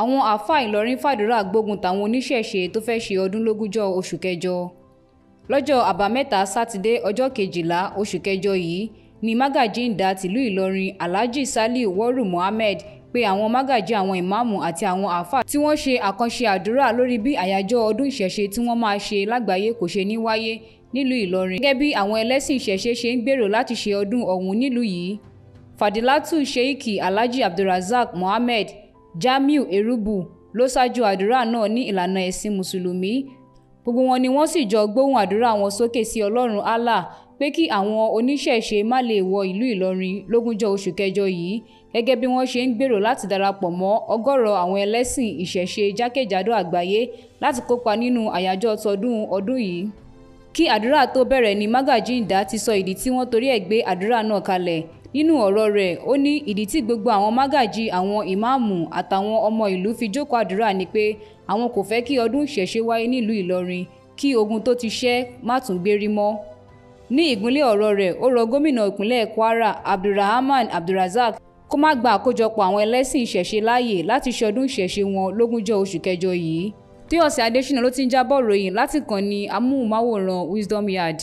àwọn àáfàá ìlọrin fàdúrà gbógun tàwọn oníṣẹ̀ṣe tó fẹ́ ṣe ọdún lógúnjọ́ oṣù kẹjọ lọ́jọ́ àbámẹ́ta sátidé ọjọ́ kejìlá oṣù kẹjọ yìí ni mágàjíǹdà tìlú ìlọrin alhaji saliu wọ́rù mohammed pé àwọn mágàjí àwọn ìmáàmù àti àwọn àáfàá tí wọ́n ṣe àkànṣe àdúrà lórí bí àyájọ́ ọdún ìṣẹ̀ṣe tí wọ́n máa ṣe lágbàáyé kò ṣe ní wáyé nílùú ìlọrin gẹ́gẹ́ bí àwọn ẹlẹ́sìn ìṣẹ̀ṣe ṣe ń gbèrò láti ṣe ọdún ọ̀hún nílùú yìí fàdílátù sheikh alhaji abdulrasaq mohammed Jamiu Erubu ló ṣáájú àdúrà náà ní ìlànà ẹ̀sìn Mùsùlùmí gbogbo wọn ni wọ́n sì jọ gbóhùn àdúrà wọn sókè sí Ọlọ́run Allah pé kí àwọn oníṣẹ̀ṣe má lè wọ ìlú Ìlọrin lógúnjọ́ oṣù kẹjọ yìí gẹ́gẹ́ bí wọ́n ṣe ń gbèrò láti darapọ̀ mọ́ ọgọ́rọ̀ àwọn ẹlẹ́sìn ìṣẹ̀ṣe jákèjádò àgbáyé láti kópa nínú àyájọ́ tọdún ọdún yìí kí àdúrà tó bẹ̀rẹ̀ ni Magaji Nda ti sọ ìdí tí wọ́n torí ẹ̀ gbé àdúrà náà kalẹ̀ nínú ọ̀rọ̀ rẹ̀ ó ní ìdí tí gbogbo àwọn mágàjí àwọn ìmáàmù àtàwọn ọmọ ìlú fi jókòó àdúrà ni pé àwọn kò fẹ́ kí ọdún ìṣẹ̀ṣe wáyé nílùú Ìlọrin kí ogun tó ti ṣẹ́ má tún gbérí mọ́ ní ìgúnlẹ̀ ọ̀rọ̀ rẹ̀ ó rọ gómìnà ìpínlẹ̀ Kwara Abdulrahman Abdulrazak kó má gba àkójọpọ̀ àwọn ẹlẹ́sìn ìṣẹ̀ṣe láàyè láti ṣọdún ìṣẹ̀ṣe wọn lógúnjọ́ oṣù kẹjọ yìí Tóyọ̀sí Adéṣínà ló ti ń jábọ̀ ròyìn láti kàn ní amóhùnmáwòrán Wisdom Yard